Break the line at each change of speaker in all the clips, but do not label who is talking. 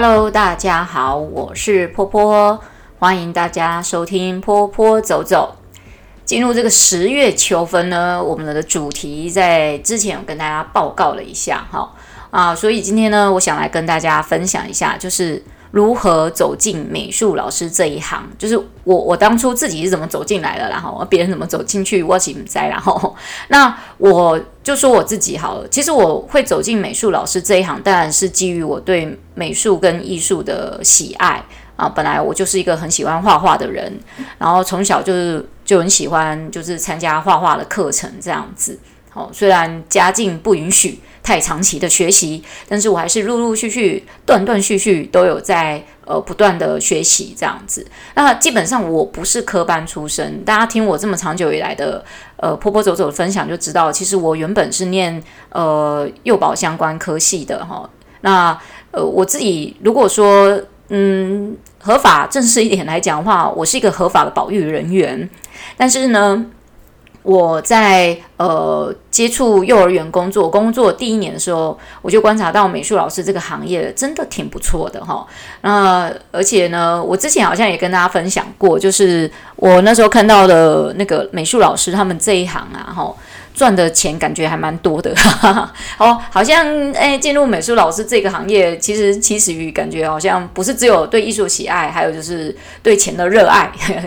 Hello，大家好，我是波波，歡迎大家收聽波波走走。進入這個十月秋分呢，我們的主題在之前有跟大家報告了一下哈啊，所以今天呢，我想來跟大家分享一下，就是。如何走進美術老師這一行？就是我我當初自己是怎麼走進來的，然後別人怎麼走進去 i 井在，然後那我就說我自己好了。其實我會走進美術老師這一行，當然是基於我對美術跟藝術的喜愛啊。本來我就是一個很喜歡畫畫的人，然後從小就是就很喜歡，就是參加畫畫的課程這樣子。好、啊，雖然家境不允許。太長期的學習，但是我還是陸陸續續、斷斷續續都有在呃不斷的學習這樣子。那基本上我不是科班出身，大家聽我這麼長久以來的呃波波走走的分享就知道，其實我原本是念呃幼保相關科系的哈。那呃我自己如果說嗯合法正式一點來講的話，我是一個合法的保育人員，但是呢。我在呃接觸幼兒園工作工作第一年的時候，我就觀察到美術老師這個行業真的挺不錯的哈、哦。那而且呢，我之前好像也跟大家分享過，就是我那時候看到的那個美術老師他們這一行啊，哈、哦，賺的錢感覺還蠻多的。哈哈好，好像誒，進入美術老師這個行業，其實起始於感覺好像不是只有對藝術喜愛，還有就是對錢的熱愛。呵呵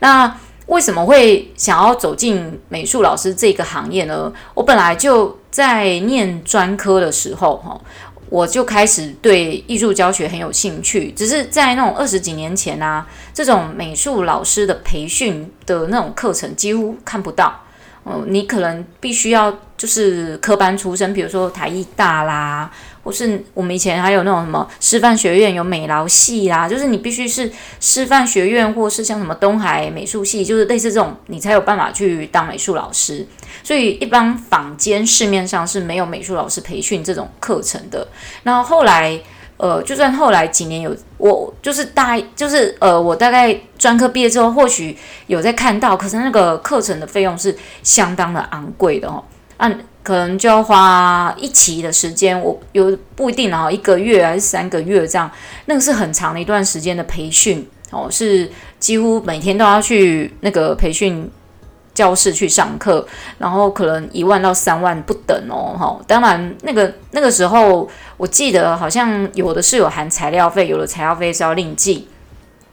那為什麼會想要走進美術老師這個行業呢？我本來就在念專科的時候，哈，我就開始對藝術教學很有興趣，只是在那種二十幾年前啊，這種美術老師的培訓的那種課程幾乎看不到。哦，你可能必須要就是科班出身，比如說台藝大啦，或是我們以前還有那種什麼師範學院有美勞系啦，就是你必須是師範學院或是像什麼東海美術系，就是類似這種，你才有辦法去當美術老師。所以一般坊間市面上是沒有美術老師培訓這種課程的。然後後來。呃，就算後來幾年有我，就是大，就是呃，我大概專科畢業之後，或許有在看到，可是那個課程的費用是相當的昂貴的哦，按、啊、可能就要花一期的時間，我有不一定然、啊、後一個月還是三個月這樣，那個是很長的一段時間的培訓哦，是幾乎每天都要去那個培訓。教室去上課，然後可能一萬到三萬不等哦，吼，當然，那個那個時候，我記得好像有的是有含材料費，有的材料費是要另計。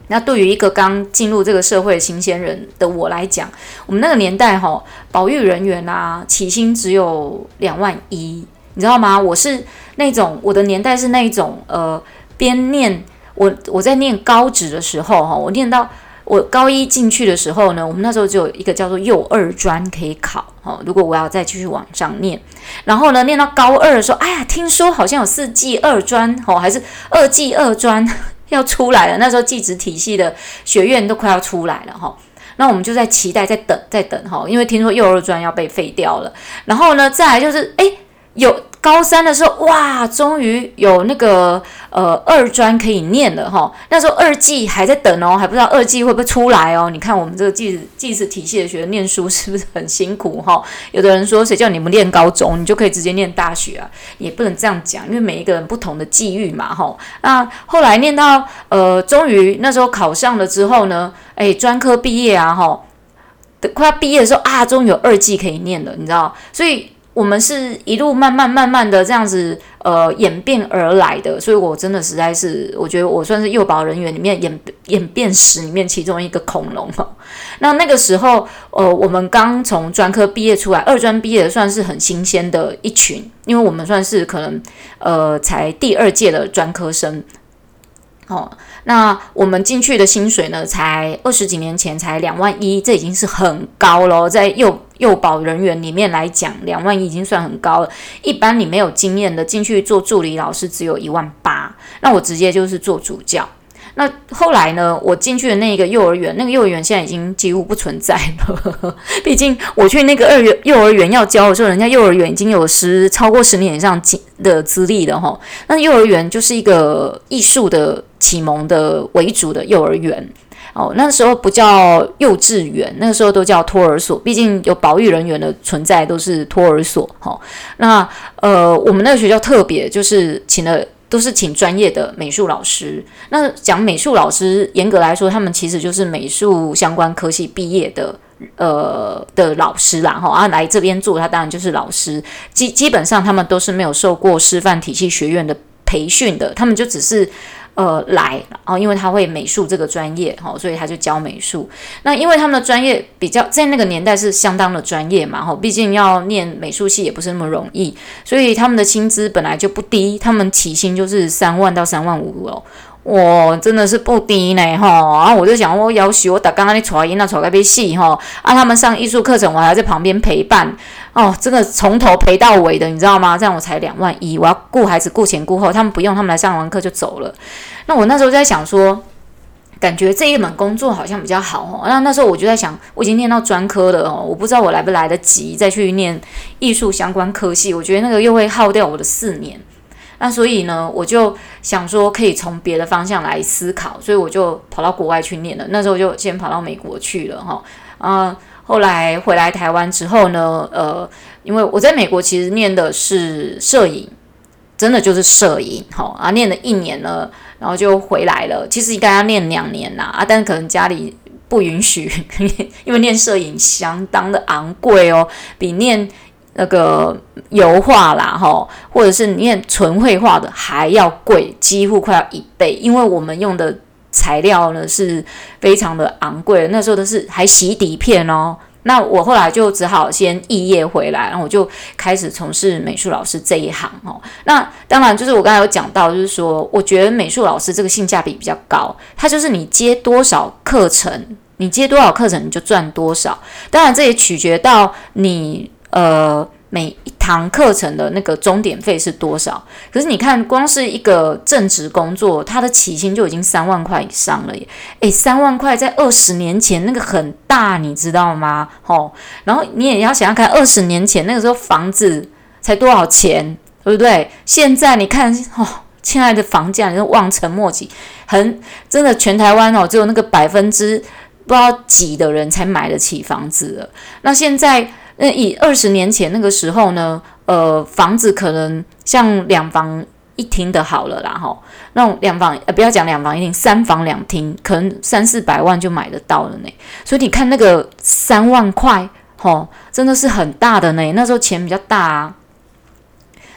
那對於一個剛進入這個社會的新鮮人的我來講，我們那個年代吼、哦，保育人員啊，起薪只有兩萬一，你知道嗎？我是那種，我的年代是那種，呃，邊念我我在念高職的時候吼，我念到。我高一進去的時候呢，我們那時候就有一個叫做幼二專可以考。如果我要再繼續往上念，然後呢，念到高二的時候，哎呀，聽說好像有四技二專哦，還是二技二專要出來了。那時候技職體系的學院都快要出來了哈。那我們就在期待，在等，在等哈，因為聽說幼二專要被廢掉了。然後呢，再來就是哎。欸有高三的時候，哇，終於有那個呃二專可以念了吼，那時候二技還在等哦，還不知道二技會不會出來哦。你看我們這個技術技術體系的學生念書是不是很辛苦吼。有的人說，誰叫你們念高中，你就可以直接念大學啊？也不能這樣講，因為每一個人不同的際遇嘛吼，那後來念到呃，終於那時候考上了之後呢，哎、欸，專科畢業啊吼，快要畢業的時候啊，終於有二技可以念了，你知道，所以。我們是一路慢慢慢慢的這樣子呃演變而來的，所以我真的實在是我覺得我算是幼保人員裡面演演變史裡面其中一個恐龍了。那那個時候呃我們剛從專科畢業出來，二專畢業算是很新鮮的一群，因為我們算是可能呃才第二屆的專科生。好、哦，那我們進去的薪水呢，才二十幾年前才兩萬一，這已經是很高了，在幼。幼保人員裡面來講，兩萬已經算很高了。一般你沒有經驗的進去做助理老師，只有一萬八。那我直接就是做主教。那後來呢，我進去的那個幼兒園，那個幼兒園現在已經幾乎不存在了。 畢竟我去那個二園幼兒園要教的時候，人家幼兒園已經有十超過十年以上經的資歷了吼，那幼兒園就是一個藝術的啟蒙的為主的幼兒園。哦，那時候不叫幼稚園，那個時候都叫托兒所。畢竟有保育人員的存在，都是托兒所。哈、哦，那呃，我們那個學校特別，就是請了，都是請專業的美術老師。那講美術老師，嚴格來說，他們其實就是美術相關科系畢業的，呃的老師啦。哈、哦，啊，來這邊做，他當然就是老師。基基本上，他們都是沒有受過師範體系學院的培訓的，他們就只是。呃，來、哦，因為他會美術這個專業、哦，所以他就教美術。那因為他們的專業比較在那個年代是相當的專業嘛，哈、哦，畢竟要念美術系也不是那麼容易，所以他們的薪資本來就不低，他們起薪就是三萬到三萬五哦。我真的是不低呢，吼。然後我就想，我要學，我打剛剛那噪音那吵那邊戲吼，啊，他們上藝術課程，我還在旁邊陪伴，哦，真的從頭陪到尾的，你知道嗎？這樣我才兩萬一，我要顧孩子，顧前顧後，他們不用，他們來上完課就走了。那我那時候就在想說，感覺這一門工作好像比較好哦。那那時候我就在想，我已經念到專科了哦，我不知道我來不來得及再去念藝術相關科系，我覺得那個又會耗掉我的四年。那、啊、所以呢，我就想說可以從別的方向來思考，所以我就跑到國外去念了。那時候就先跑到美國去了哈，啊，後來回來台灣之後呢，呃，因為我在美國其實念的是攝影，真的就是攝影哈啊，念了一年了，然後就回來了。其實應該要念兩年啦，啊，但是可能家裡不允許，因為念攝影相當的昂貴哦、喔，比念。那個油畫啦，哈，或者是你看純繪畫的還要貴，幾乎快要一倍，因為我們用的材料呢是非常的昂貴。那時候都是還洗底片哦。那我後來就只好先肄業回來，然後我就開始從事美術老師這一行哦。那當然就是我剛才有講到，就是說我覺得美術老師這個性價比比較高，它就是你接多少課程，你接多少課程你就賺多少。當然這也取決於到你，呃，每一堂課程的那個鐘點費是多少？可是你看，光是一個正職工作，它的起薪就已經三萬塊以上了耶。誒、欸，三萬塊在二十年前那個很大，你知道嗎？哦，然後你也要想想看，二十年前那個時候房子才多少錢，對不對？現在你看哦，親愛的房價都望塵莫及，很真的，全台灣哦只有那個百分之不知道幾的人才買得起房子了。那現在。那以二十年前那個時候呢，呃，房子可能像兩房一廳的好了啦，吼，那種兩房呃不要講兩房一廳，三房兩廳可能三四百萬就買得到了呢。所以你看那個三萬塊，吼，真的是很大的呢。那時候錢比較大啊。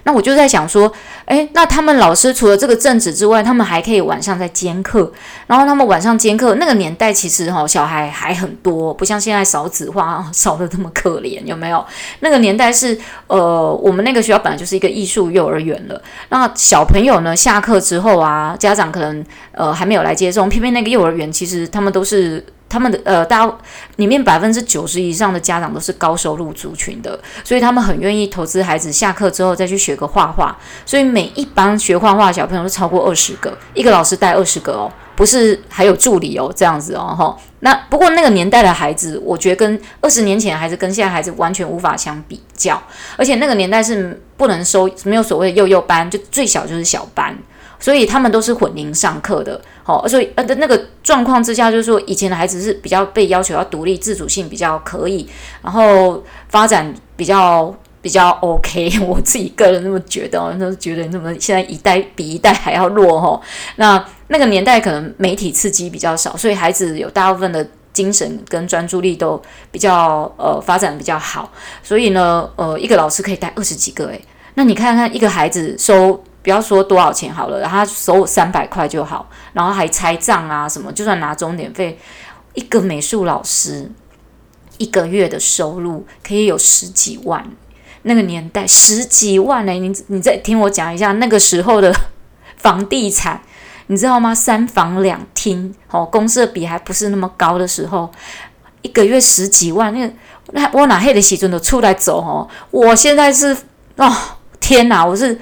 那我就在想說，誒、欸，那他們老師除了這個正職之外，他們還可以晚上在兼課。然後他們晚上兼課，那個年代其實哈，小孩還很多，不像現在少子化少得那麼可憐，有沒有？那個年代是，呃，我們那個學校本來就是一個藝術幼兒園了。那小朋友呢，下課之後啊，家長可能呃還沒有來接送，偏偏那個幼兒園其實他們都是。他們的呃，大家裡面百分之九十以上的家長都是高收入族群的，所以他們很願意投資孩子下課之後再去學個畫畫。所以每一班學畫畫的小朋友都超過二十個，一個老師帶二十個哦，不是還有助理哦，這樣子哦，吼。那不過那個年代的孩子，我覺得跟二十年前的孩子跟現在孩子完全無法相比較，而且那個年代是不能收，沒有所謂的幼幼班，就最小就是小班，所以他們都是混齡上課的。好、哦，所以呃的那個狀況之下，就是說以前的孩子是比較被要求要獨立，自主性比較可以，然後發展比較比較 OK。我自己個人那麼覺得，那覺得那麼現在一代比一代還要弱哈、哦。那那個年代可能媒體刺激比較少，所以孩子有大部分的精神跟專注力都比較呃發展比較好。所以呢，呃，一個老師可以帶二十幾個誒，那你看看一個孩子收。不要說多少錢好了，他收我三百塊就好，然後還拆賬啊什麼。就算拿鐘點費，一個美術老師一個月的收入可以有十幾萬。那個年代十幾萬呢、欸？你你再聽我講一下那個時候的房地產，你知道嗎？三房兩廳，哦，公設比還不是那麼高的時候，一個月十幾萬。那個、我那我哪黑的時陣都出來走哦。我現在是哦，天哪，我是。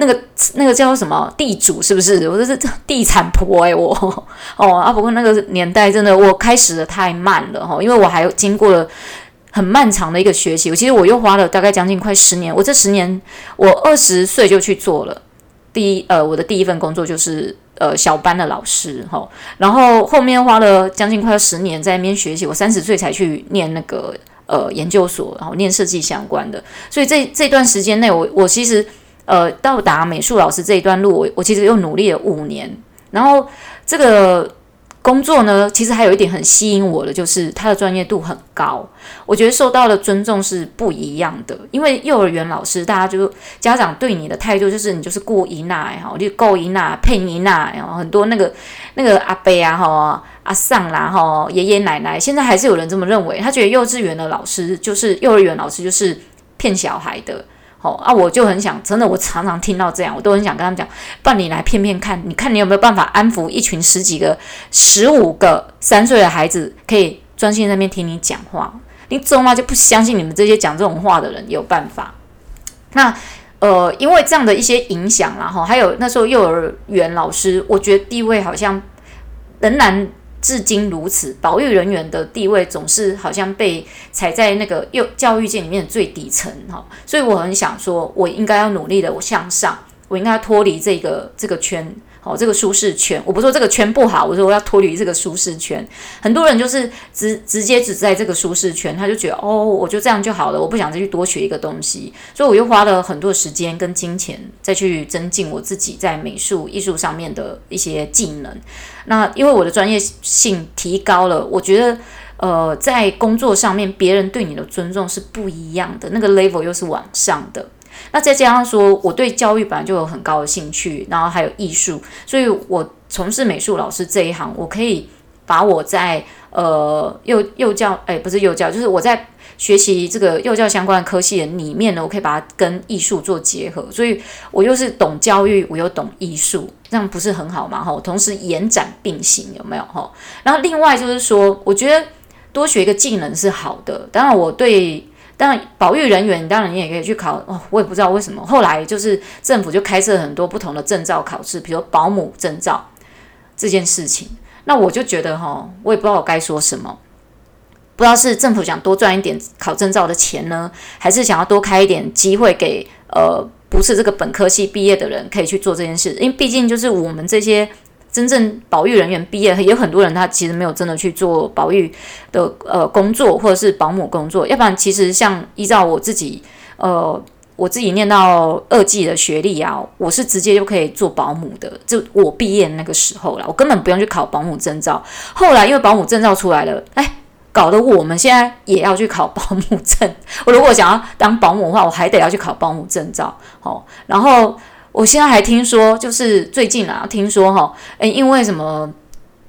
那個那個叫什麼地主是不是？我說這是地產婆哎，我哦，啊！不過那個年代真的，我開始的太慢了哈，因為我還經過了很漫長的一個學習。我其實我又花了大概將近快十年。我這十年，我二十歲就去做了第一呃我的第一份工作就是呃小班的老師哈、哦。然後後面花了將近快要十年在那邊學習，我三十歲才去念那個呃研究所，然後念設計相關的。所以這這段時間內我，我我其實。呃，到達美術老師這一段路，我我其實又努力了五年。然後這個工作呢，其實還有一點很吸引我的，就是他的專業度很高。我覺得受到的尊重是不一樣的。因為幼兒園老師，大家就家長對你的態度，就是你就是顧一那哈，欸，就、喔、顧一那騙一那，欸，然、喔、很多那個那個阿伯啊哈，喔，阿桑啦，啊，哈，爺、喔、爺奶奶，現在還是有人這麼認為。他覺得幼稚園的老師就是幼兒園老師就是騙小孩的。好，那、哦啊、我就很想，真的，我常常聽到這樣，我都很想跟他們講，伴你來騙騙看，你看你有沒有辦法安撫一群十幾個、十五個三歲的孩子，可以專心在那邊聽你講話？你中媽就不相信你們這些講這種話的人有辦法。那呃，因為這樣的一些影響，然後還有那時候幼兒園老師，我覺得地位好像仍然。至今如此，保育人員的地位總是好像被踩在那個幼教育界裡面最底層哈，所以我很想說，我應該要努力的我向上，我應該要脫離這個這個圈。哦，這個舒適圈，我不說這個圈不好，我說我要脫離這個舒適圈。很多人就是直直接只在這個舒適圈，他就覺得哦，我就這樣就好了，我不想再去多學一個東西，所以我又花了很多時間跟金錢再去增進我自己在美術藝術上面的一些技能。那因為我的專業性提高了，我覺得呃，在工作上面別人對你的尊重是不一樣的，那個 level 又是往上的。那再加上說，我對教育本來就有很高的興趣，然後還有藝術，所以我從事美術老師這一行，我可以把我在呃幼幼教，誒、欸，不是幼教，就是我在學習這個幼教相關的科系裡面呢，我可以把它跟藝術做結合，所以我又是懂教育，我又懂藝術，這樣不是很好嘛？哈，同時延展並行有沒有？哈，然後另外就是說，我覺得多學一個技能是好的，當然我對。當然，保育人員當然你也可以去考哦，我也不知道為什麼。後來就是政府就開設很多不同的證照考試，比如保姆證照這件事情。那我就覺得哈，我也不知道我該說什麼，不知道是政府想多賺一點考證照的錢呢，還是想要多開一點機會給呃不是這個本科系畢業的人可以去做這件事，因為畢竟就是我們這些。真正保育人員畢業也有很多人，他其實沒有真的去做保育的呃工作，或者是保姆工作。要不然，其實像依照我自己呃，我自己念到二技的學歷啊，我是直接就可以做保姆的。就我畢業那個時候了，我根本不用去考保姆證照。後來因為保姆證照出來了，哎、欸，搞得我們現在也要去考保姆證。我如果想要當保姆的話，我還得要去考保姆證照。好、哦，然後。我現在還聽說，就是最近啊，聽說哈，誒、欸，因為什麼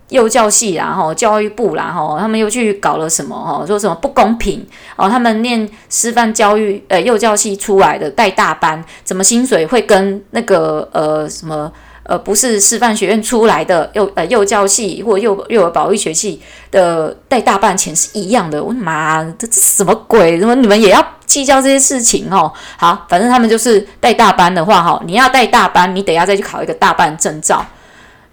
幼教系啦，哈，教育部啦，哈，他們又去搞了什麼哦，說什麼不公平哦？他們念師範教育呃、欸、幼教系出來的帶大班，怎麼薪水會跟那個呃什麼呃不是師範學院出來的幼呃幼教系或幼幼兒保育學系的帶大班錢是一樣的？我的媽，這是什麼鬼？怎麼你們也要？計較這些事情哦，好，反正他們就是帶大班的話哈，你要帶大班，你等下再去考一個大班證照。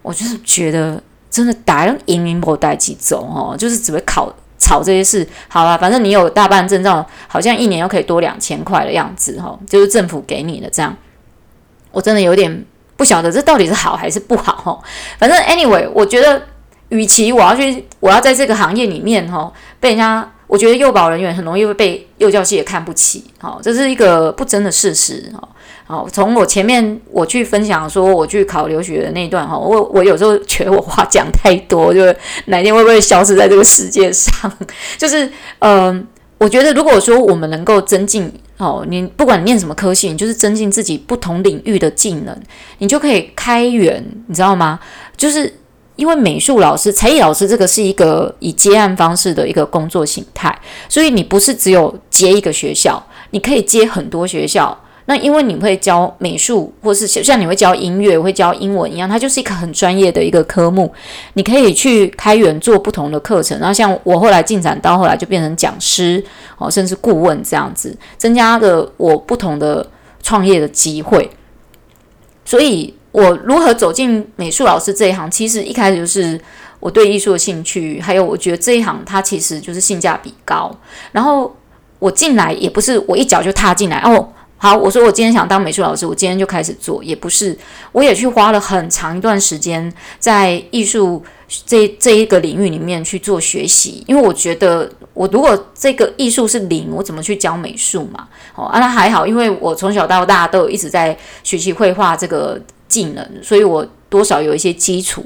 我就是覺得真的，大人移民不帶計較哦，就是只會考炒這些事。好了，反正你有大班證照，好像一年又可以多兩千塊的樣子哦，就是政府給你的這樣。我真的有點不曉得這到底是好還是不好，反正 anyway，我覺得，與其我要去，我要在這個行業裡面哦，被人家。我覺得幼保人員很容易被幼教系也看不起，好，這是一個不爭的事實，好，從我前面我去分享說我去考留學的那一段，哈，我我有時候覺得我話講太多，就哪一天會不會消失在這個世界上？就是，嗯、呃，我覺得如果說我們能夠增進，哦，你不管念什麼科系，你就是增進自己不同領域的技能，你就可以開源，你知道嗎？就是。因為美術老師、才藝老師這個是一個以接案方式的一個工作形態，所以你不是只有接一個學校，你可以接很多學校。那因為你會教美術，或是像你會教音樂、會教英文一樣，它就是一個很專業的一個科目，你可以去開源做不同的課程。然後像我後來進展到後來，就變成講師哦，甚至顧問這樣子，增加了我不同的創業的機會，所以。我如何走進美術老師這一行？其實一開始就是我對藝術的興趣，還有我覺得這一行它其實就是性價比高。然後我進來也不是我一腳就踏進來哦。好，我說我今天想當美術老師，我今天就開始做，也不是，我也去花了很長一段時間在藝術這這一個領域裡面去做學習，因為我覺得我如果這個藝術是零，我怎麼去教美術嘛？哦，啊，那還好，因為我從小到大都有一直在學習繪畫這個。技能，所以我多少有一些基礎。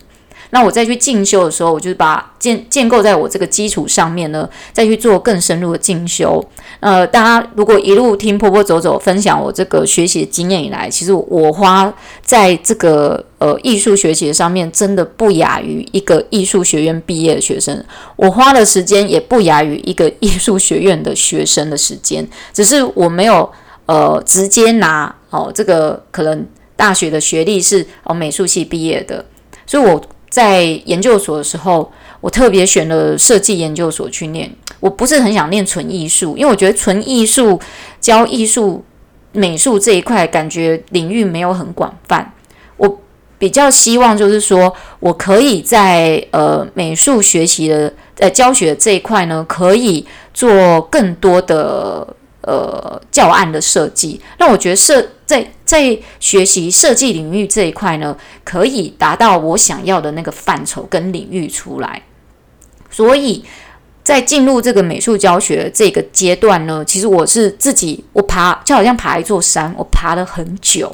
那我再去進修的時候，我就把建建構在我這個基礎上面呢，再去做更深入的進修。呃，大家如果一路聽婆婆走走分享我這個學習的經驗以來，其實我花在這個呃藝術學習上面，真的不亞於一個藝術學院畢業的學生。我花的時間也不亞於一個藝術學院的學生的時間，只是我沒有呃直接拿哦，這個可能。大學的學歷是呃美術系畢業的，所以我在研究所的時候，我特別選了設計研究所去念。我不是很想念純藝術，因為我覺得純藝術教藝術美術這一塊，感覺領域沒有很廣泛。我比較希望就是說我可以在呃美術學習的、呃、教學的這一塊呢，可以做更多的呃教案的設計，那我覺得設。在在學習設計領域這一塊呢，可以達到我想要的那個範疇跟領域出來。所以在進入這個美術教學這個階段呢，其實我是自己，我爬就好像爬一座山，我爬了很久。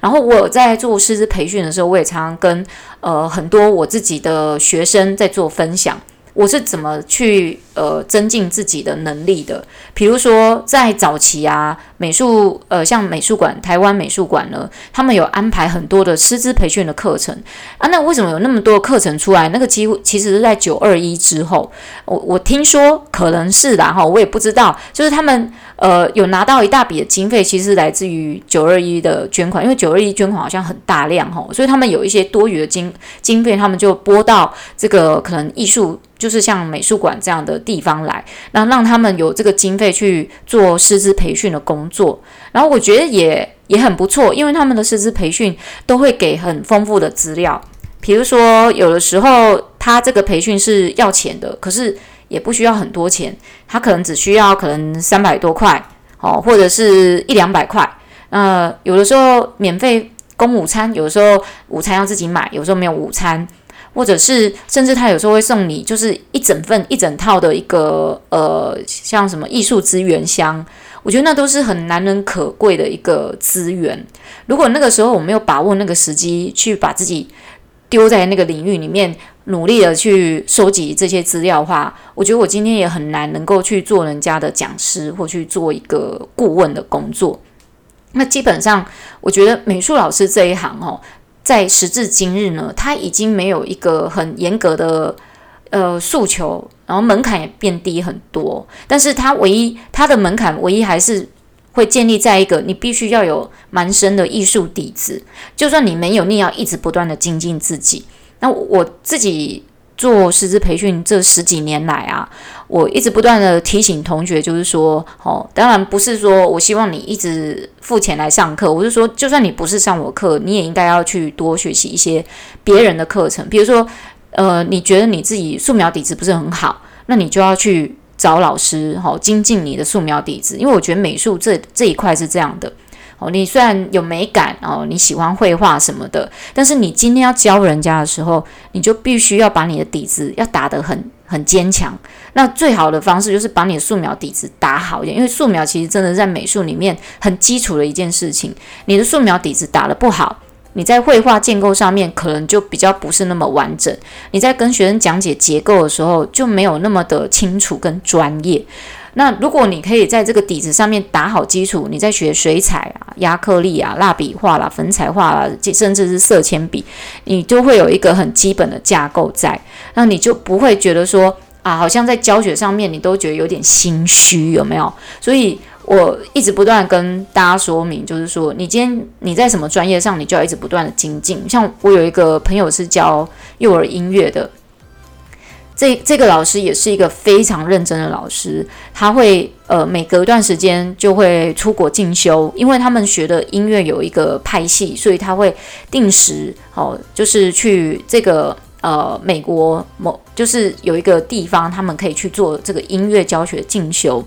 然後我在做師資培訓的時候，我也常常跟呃很多我自己的學生在做分享。我是怎麼去呃增進自己的能力的？比如說在早期啊，美術呃像美術館，台灣美術館呢，他們有安排很多的師資培訓的課程啊。那為什麼有那麼多課程出來？那個幾乎其實是在九二一之後，我我聽說可能是啦，哈，我也不知道，就是他們。呃，有拿到一大筆的經費，其實來自於九二一的捐款，因為九二一捐款好像很大量齁，所以他們有一些多餘的經經費，他們就撥到這個可能藝術，就是像美術館這樣的地方來，那讓他們有這個經費去做師資培訓的工作，然後我覺得也也很不錯，因為他們的師資培訓都會給很豐富的資料，比如說有的時候他這個培訓是要錢的，可是。也不需要很多錢，他可能只需要可能三百多塊哦，或者是一兩百塊。呃，有的時候免費供午餐，有的時候午餐要自己買，有的時候沒有午餐，或者是甚至他有時候會送你就是一整份一整套的一個呃，像什麼藝術資源箱。我覺得那都是很難能可貴的一個資源。如果那個時候我沒有把握那個時機去把自己丟在那個領域裡面，努力的去收集這些資料的話，我覺得我今天也很難能夠去做人家的講師或去做一個顧問的工作。那基本上，我覺得美術老師這一行哦，在時至今日呢，他已經沒有一個很嚴格的呃訴求，然後門檻也變低很多。但是，他唯一他的門檻唯一還是會建立在一個你必須要有蠻深的藝術底子，就算你沒有，你要一直不斷的精進自己。那我自己做師資培訓這十幾年來啊，我一直不斷地提醒同學，就是說，哦，當然不是說我希望你一直付錢來上課，我是說，就算你不是上我課，你也應該要去多學習一些別人的課程。比如說，呃，你覺得你自己素描底子不是很好，那你就要去找老師，哈，精進你的素描底子。因為我覺得美術這這一塊是這樣的。哦，你雖然有美感哦，你喜歡繪畫什麼的，但是你今天要教人家的時候，你就必須要把你的底子要打得很很堅強。那最好的方式就是把你的素描底子打好一點，因為素描其實真的在美術裡面很基礎的一件事情。你的素描底子打得不好，你在繪畫建構上面可能就比較不是那麼完整。你在跟學生講解結構的時候就沒有那麼的清楚跟專業。那如果你可以在這個底子上面打好基礎，你在學水彩啊、壓克力啊、蠟筆畫啦、啊、粉彩畫啦、啊，甚至是色鉛筆，你就會有一個很基本的架構在，那你就不會覺得說啊，好像在教學上面你都覺得有點心虛，有沒有？所以我一直不斷跟大家說明，就是說你今天你在什麼專業上，你就要一直不斷的精進。像我有一個朋友是教幼兒音樂的。這這個老師也是一個非常認真的老師，他會呃每隔一段時間就會出國進修，因為他們學的音樂有一個派系，所以他會定時哦，就是去這個呃美國某就是有一個地方，他們可以去做這個音樂教學進修。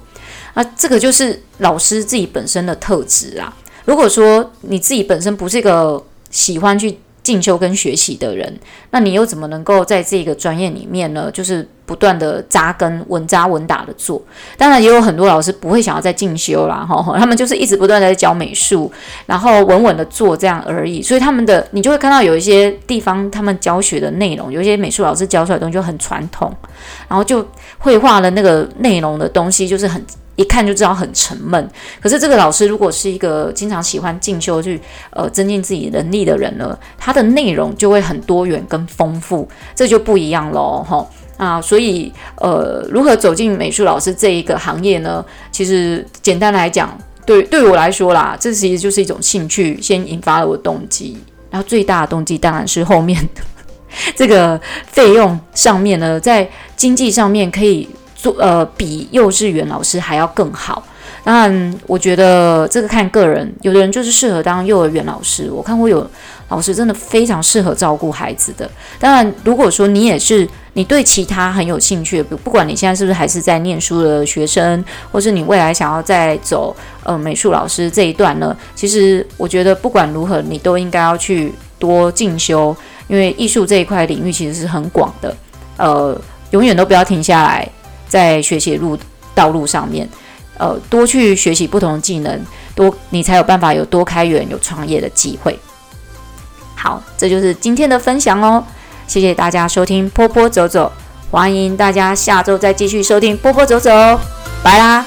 啊，這個就是老師自己本身的特質啊。如果說你自己本身不是一個喜歡去進修跟學習的人，那你又怎麼能夠在這個專業裡面呢？就是不斷的扎根、穩扎穩打的做。當然也有很多老師不會想要再進修啦，哈、哦，他們就是一直不斷的在教美術，然後穩穩的做這樣而已。所以他們的、的你就會看到有一些地方，他們教學的內容，有一些美術老師教出來的東西就很傳統，然後就繪畫的那個內容的東西就是很。一看就知道很沉悶。可是這個老師如果是一個經常喜歡進修去呃增進自己能力的人呢，他的內容就會很多元跟豐富，這就不一樣嘍哈。啊，所以呃，如何走進美術老師這一個行業呢？其實簡單來講，對對我來說啦，這其實就是一種興趣，先引發了我的動機。然後最大的動機當然是後面的這個費用上面呢，在經濟上面可以。呃，比幼稚園老師還要更好。當然，我覺得這個看個人，有的人就是適合當幼兒園老師。我看過有老師真的非常適合照顧孩子的。當然，如果說你也是，你對其他很有興趣，不不管你現在是不是還是在唸書的學生，或是你未來想要再走呃美術老師這一段呢，其實我覺得不管如何，你都應該要去多進修，因為藝術這一塊領域其實是很廣的。呃，永遠都不要停下來。在學習路、道路上面，呃，多去學習不同的技能，多你才有辦法有多開源有創業的機會。好，這就是今天的分享哦，謝謝大家收聽波波走走，歡迎大家下周再繼續收聽波波走走哦，拜啦。